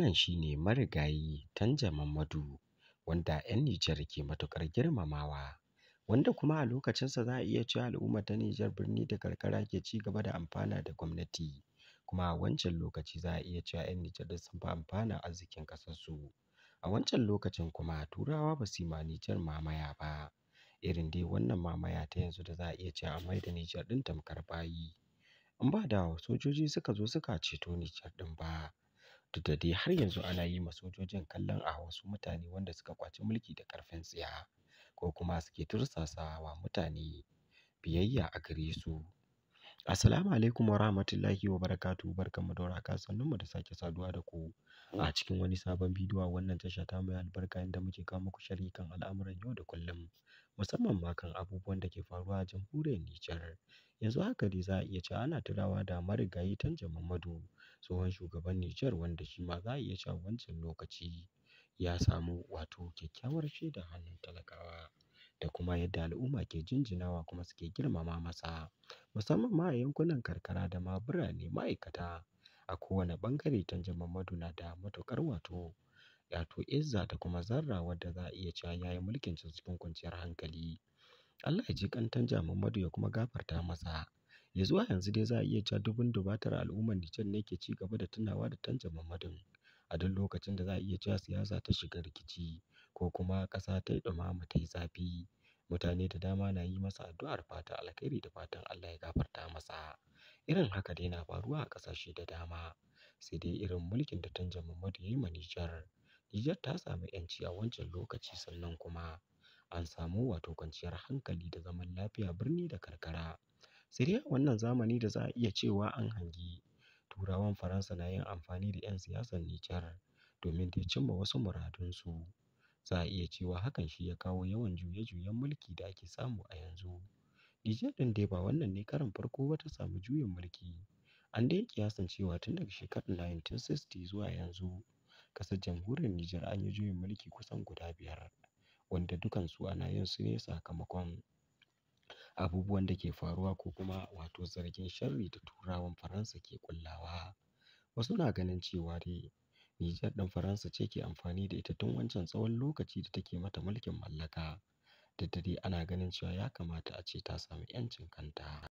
Wannan shi ne marigayi Tanja Mamadu wanda 'yan Nijar ke matuƙar girmamawa, wanda kuma a lokacinsa za a iya cewa al'ummar ta Nijar birni da karkara ke ci gaba da amfana da gwamnati, kuma a wancan lokaci za a iya cewa 'yan Nijar duk sun fi amfana arzikin ƙasarsu. A wancan lokacin kuma Turawa ba su yi ma Nijar mamaya ba, irin dai wannan mamaya ta yanzu da za a iya cewa an mai da Nijar ɗin tamkar bayi, in ba da sojoji suka zo suka ceto Nijar ɗin ba, duk da dai har yanzu ana yi ma sojojin kallon a wasu mutane wanda suka ƙwaci mulki da ƙarfin tsiya ko kuma suke tursasawa mutane biyayya a gare su. Assalamu alaikum wa rahmatullahi wa barakatuh. Barkanmu da warhaka, mu da sake saduwa da ku a cikin wani sabon bidiyo a wannan tasha ta mai albarka inda muke kawo muku sharhi kan al'amuran yau da kullum, musamman ma kan abubuwan da ke faruwa a jamhuriyar Nijar. Yanzu haka dai za a iya cewa ana tunawa da marigayi Tanja Muhammadu, tsohon shugaban Nijar wanda shi ma za a iya cewa wancan lokaci ya samu wato kyakkyawar shaida hannun talakawa. da kuma yadda al'umma ke jinjinawa kuma suke girmama masa. Musamman ma a yankunan karkara da ma birane ma'aikata a kowane ɓangare Tanja Muhammadu na da matuƙar wato, wato izza da kuma zarra wadda za a iya cewa ya yi su cikin kwanciyar hankali. Allah ya ji Kantan Tanja Muhammadu ya kuma gafarta masa. Ya zuwa yanzu dai za a iya cewa dubun dubatar al'ummar Nijar ne ke ci gaba da tunawa da Tanja Muhammadun a duk lokacin da za a iya cewa siyasa ta shiga rikici. ko kuma ƙasa ta yi ɗumama ta yi zafi. Mutane da dama na yi masa addu'ar fatan alkhairi da fatan Allah ya gafarta masa. Irin haka dai na faruwa a ƙasashe da dama. Sai dai irin mulkin da Tanja Muhammadu ya yi ma Nijar. Nijar ta samu 'yanci a wancan lokaci sannan kuma an samu wato kwanciyar hankali da zaman lafiya birni da karkara. Sai dai a wannan zamani da za a iya cewa an hangi Turawan Faransa na yin amfani da 'yan siyasar Nijar domin dai cimma wasu muradunsu. Za a iya cewa hakan shi ya kawo yawan juye-juyen mulki da ake samu a yanzu. Nijar ɗin dai ba wannan ne karon farko ba ta samu juyin mulki. An dai yi cewa tun daga shekarar 1960 zuwa yanzu, ƙasar jamhuriyar Nijar an yi juyin mulki kusan guda biyar, wanda dukansu ana yin su ne sakamakon abubuwan da ke faruwa ko kuma wato zargin sharri da Turawan Faransa ke ƙullawa. Wasu na ganin cewa dai Nijar ɗin Faransa ce ke amfani da ita tun wancan tsawon lokaci da take mata mulkin mallaka. da dare ana ganin cewa ya kamata a ce ta samu 'yancin kanta.